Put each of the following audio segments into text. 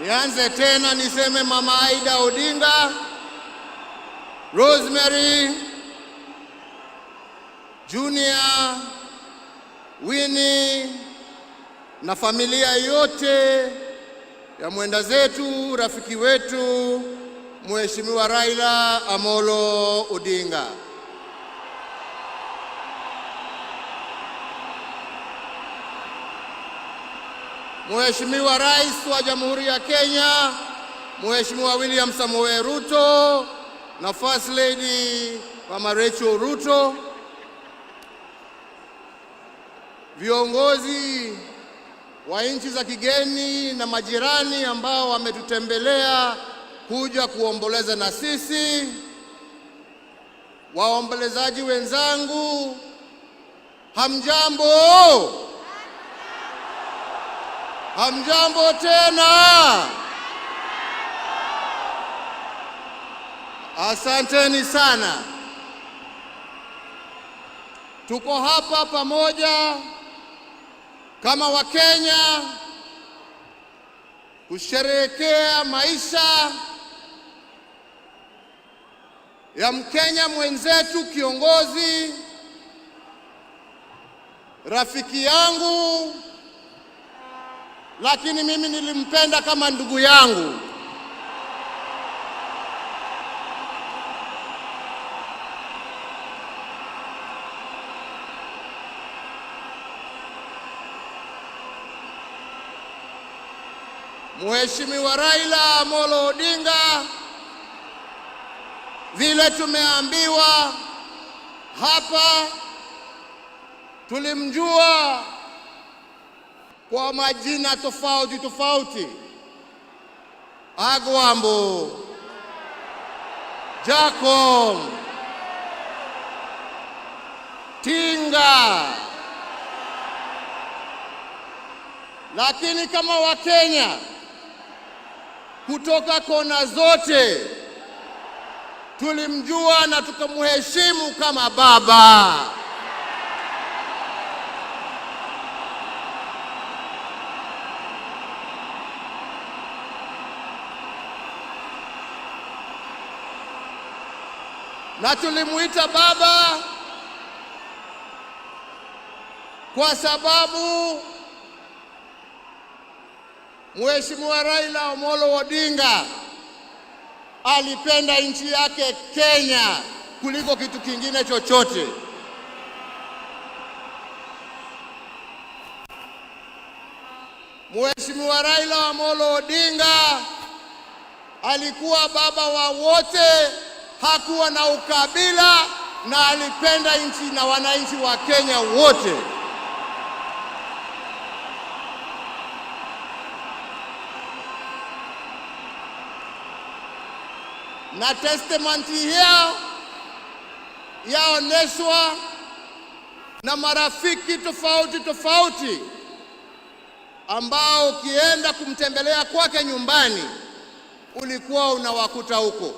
Nianze tena niseme Mama Aida Odinga, Rosemary Junior, Winnie na familia yote ya mwenda zetu rafiki wetu Mheshimiwa Raila Amolo Odinga. Mheshimiwa Rais wa Jamhuri ya Kenya, Mheshimiwa William Samoei Ruto na First Lady Mama Rachel Ruto, viongozi wa nchi za kigeni na majirani ambao wametutembelea kuja kuomboleza na sisi, waombolezaji wenzangu, hamjambo? Hamjambo tena, asanteni sana. Tuko hapa pamoja kama Wakenya kusherehekea maisha ya Mkenya mwenzetu, kiongozi, rafiki yangu lakini mimi nilimpenda kama ndugu yangu. Mheshimiwa Raila Amolo Odinga, vile tumeambiwa hapa, tulimjua kwa majina tofauti tofauti: Agwambo, jakom Tinga. Lakini kama Wakenya kutoka kona zote tulimjua na tukamheshimu kama baba. na tulimuita baba kwa sababu Mheshimiwa Raila Amolo Odinga alipenda nchi yake Kenya kuliko kitu kingine chochote. Mheshimiwa Raila Amolo Odinga alikuwa baba wa wote hakuwa na ukabila na alipenda nchi na wananchi wa Kenya wote. Na testamenti hiyo yaoneshwa na marafiki tofauti tofauti ambao ukienda kumtembelea kwake nyumbani ulikuwa unawakuta huko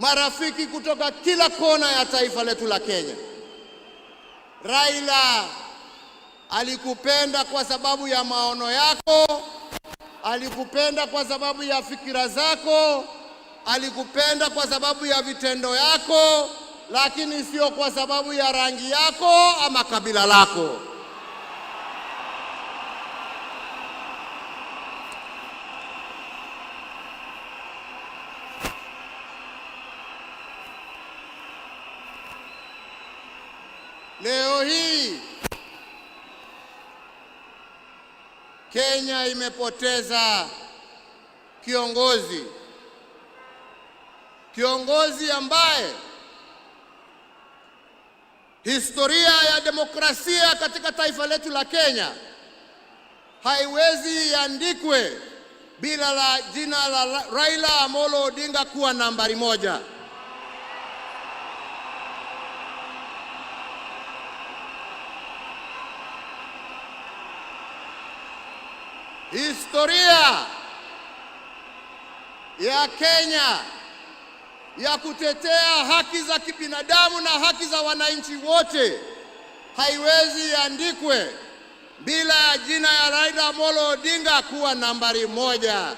marafiki kutoka kila kona ya taifa letu la Kenya. Raila alikupenda kwa sababu ya maono yako, alikupenda kwa sababu ya fikira zako, alikupenda kwa sababu ya vitendo yako, lakini sio kwa sababu ya rangi yako ama kabila lako. Leo hii Kenya imepoteza kiongozi, kiongozi ambaye historia ya demokrasia katika taifa letu la Kenya haiwezi iandikwe bila la jina la Raila Amolo Odinga kuwa nambari moja. Historia ya Kenya ya kutetea haki za kibinadamu na haki za wananchi wote haiwezi iandikwe bila ya jina ya Raila Amolo Odinga kuwa nambari moja.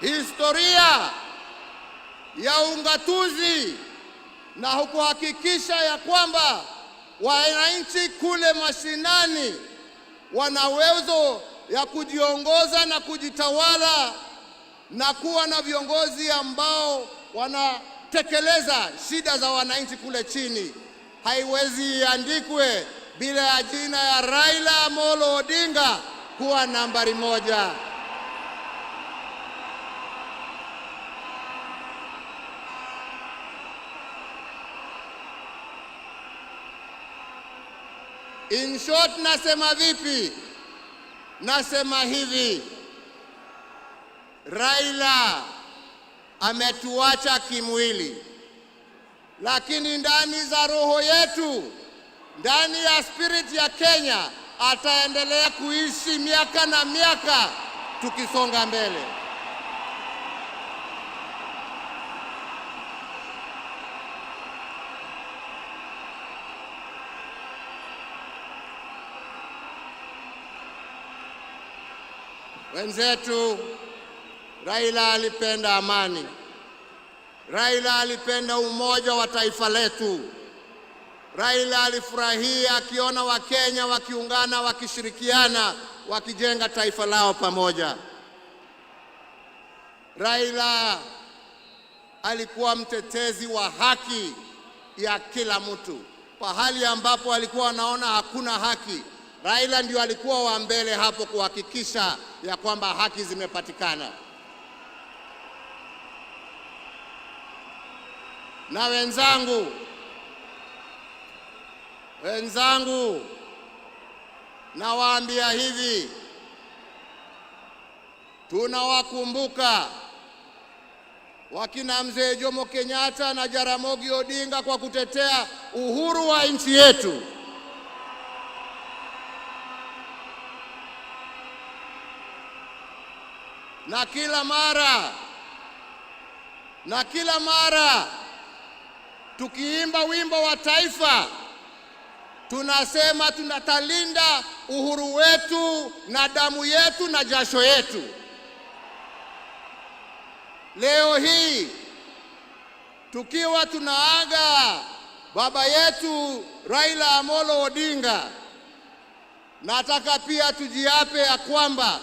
Historia ya ungatuzi na hukuhakikisha ya kwamba wananchi kule mashinani wana uwezo ya kujiongoza na kujitawala na kuwa na viongozi ambao wanatekeleza shida za wananchi kule chini. Haiwezi iandikwe bila ya jina ya Raila Amolo Odinga kuwa nambari moja. In short, nasema vipi? Nasema hivi, Raila ametuacha kimwili, lakini ndani za roho yetu, ndani ya spirit ya Kenya ataendelea kuishi miaka na miaka tukisonga mbele. Wenzetu, Raila alipenda amani. Raila alipenda umoja wa taifa letu. Raila alifurahia akiona Wakenya wakiungana, wakishirikiana, wakijenga taifa lao pamoja. Raila alikuwa mtetezi wa haki ya kila mtu. Pahali ambapo alikuwa anaona hakuna haki Raila ndio alikuwa wa mbele hapo kuhakikisha ya kwamba haki zimepatikana, na wenzangu wenzangu, nawaambia hivi, tunawakumbuka wakina mzee Jomo Kenyatta na Jaramogi Odinga kwa kutetea uhuru wa nchi yetu. na kila mara na kila mara tukiimba wimbo wa taifa tunasema tunatalinda uhuru wetu na damu yetu na jasho yetu. Leo hii tukiwa tunaaga baba yetu Raila Amolo Odinga, nataka pia tujiape ya kwamba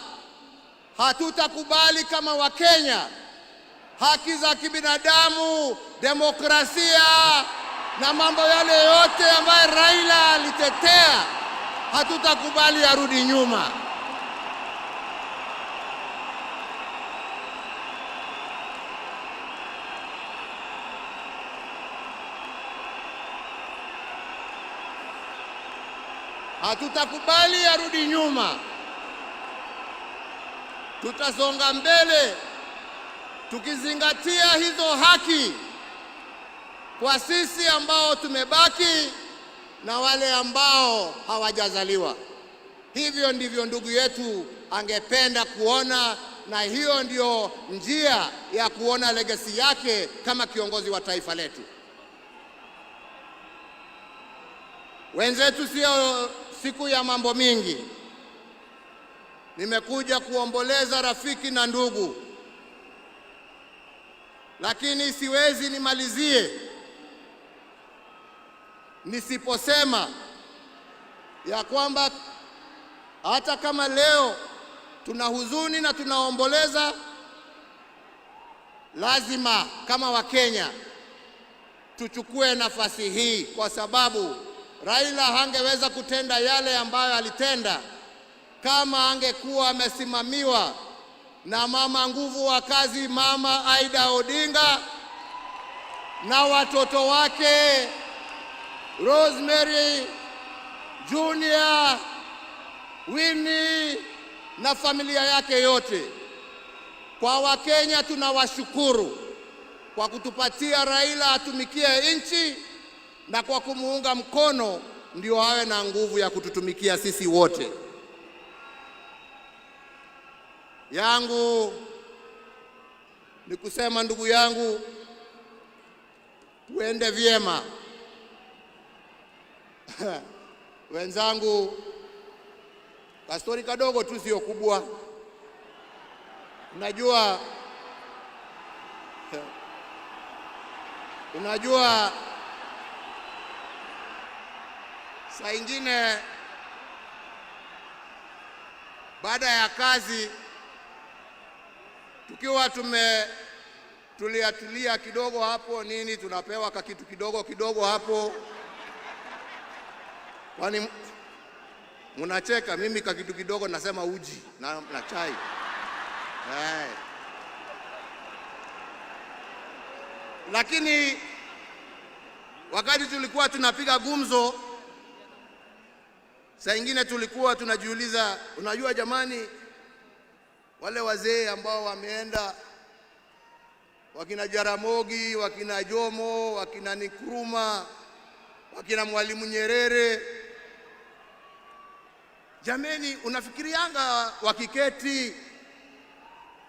Hatutakubali kama Wakenya haki za kibinadamu, demokrasia na mambo yale yote ambayo Raila alitetea, hatutakubali arudi nyuma. Hatutakubali arudi nyuma tutasonga mbele tukizingatia hizo haki kwa sisi ambao tumebaki na wale ambao hawajazaliwa. Hivyo ndivyo ndugu yetu angependa kuona, na hiyo ndiyo njia ya kuona legacy yake kama kiongozi wa taifa letu. Wenzetu, sio siku ya mambo mingi nimekuja kuomboleza rafiki na ndugu, lakini siwezi nimalizie nisiposema ya kwamba hata kama leo tuna huzuni na tunaomboleza, lazima kama Wakenya tuchukue nafasi hii, kwa sababu Raila hangeweza kutenda yale ambayo alitenda kama angekuwa amesimamiwa na mama nguvu wa kazi, mama Aida Odinga na watoto wake Rosemary Junior, Winnie na familia yake yote. Kwa Wakenya tunawashukuru kwa kutupatia Raila atumikie nchi na kwa kumuunga mkono ndio awe na nguvu ya kututumikia sisi wote yangu ni kusema, ndugu yangu, tuende vyema wenzangu. Kastori kadogo tu, sio kubwa. Unajua, unajua saa ingine baada ya kazi tukiwa tume tulia tulia kidogo hapo nini, tunapewa kakitu kidogo kidogo hapo. Kwani mnacheka? Mimi ka kitu kidogo nasema uji na, na chai hey. Eh. Lakini wakati tulikuwa tunapiga gumzo, saa ingine tulikuwa tunajiuliza, unajua jamani wale wazee ambao wameenda wakina Jaramogi, wakina Jomo, wakina Nikruma, wakina Mwalimu Nyerere. Jameni, unafikirianga wakiketi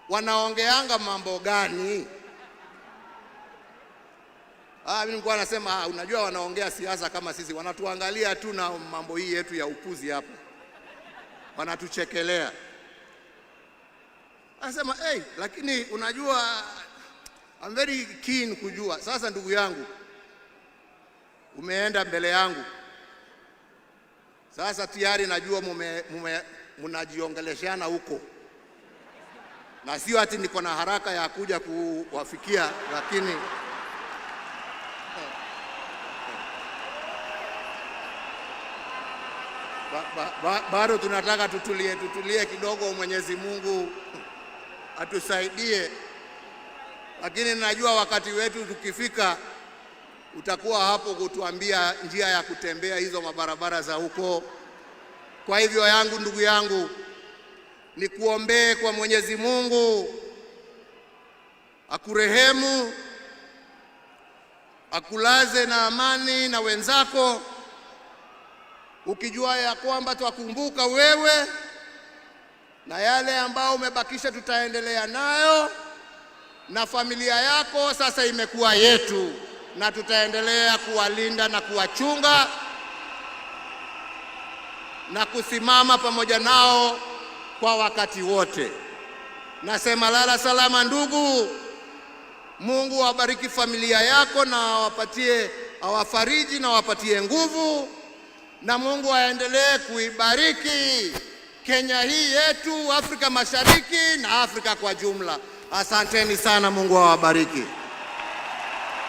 wanaongeanga mambo gani? Ah, mimi nilikuwa nasema ah, unajua wanaongea siasa kama sisi, wanatuangalia tu na mambo hii yetu ya upuzi hapa, wanatuchekelea. Anasema hey, lakini unajua I'm very keen kujua. Sasa ndugu yangu, umeenda mbele yangu, sasa tayari najua mnajiongeleshana huko, na sio ati niko na haraka ya kuja kuwafikia, lakini ba, ba, ba, tunataka tutulie, tutulie kidogo. Mwenyezi Mungu atusaidie, lakini najua wakati wetu tukifika utakuwa hapo kutuambia njia ya kutembea hizo mabarabara za huko. Kwa hivyo yangu, ndugu yangu, nikuombee kwa Mwenyezi Mungu akurehemu, akulaze na amani na wenzako, ukijua ya kwamba twakumbuka wewe na yale ambayo umebakisha tutaendelea nayo, na familia yako sasa imekuwa yetu, na tutaendelea kuwalinda na kuwachunga na kusimama pamoja nao kwa wakati wote. Nasema lala salama ndugu. Mungu awabariki familia yako na awapatie, awafariji na awapatie nguvu, na Mungu aendelee kuibariki. Kenya hii yetu, Afrika Mashariki na Afrika kwa jumla. Asanteni sana, Mungu awabariki.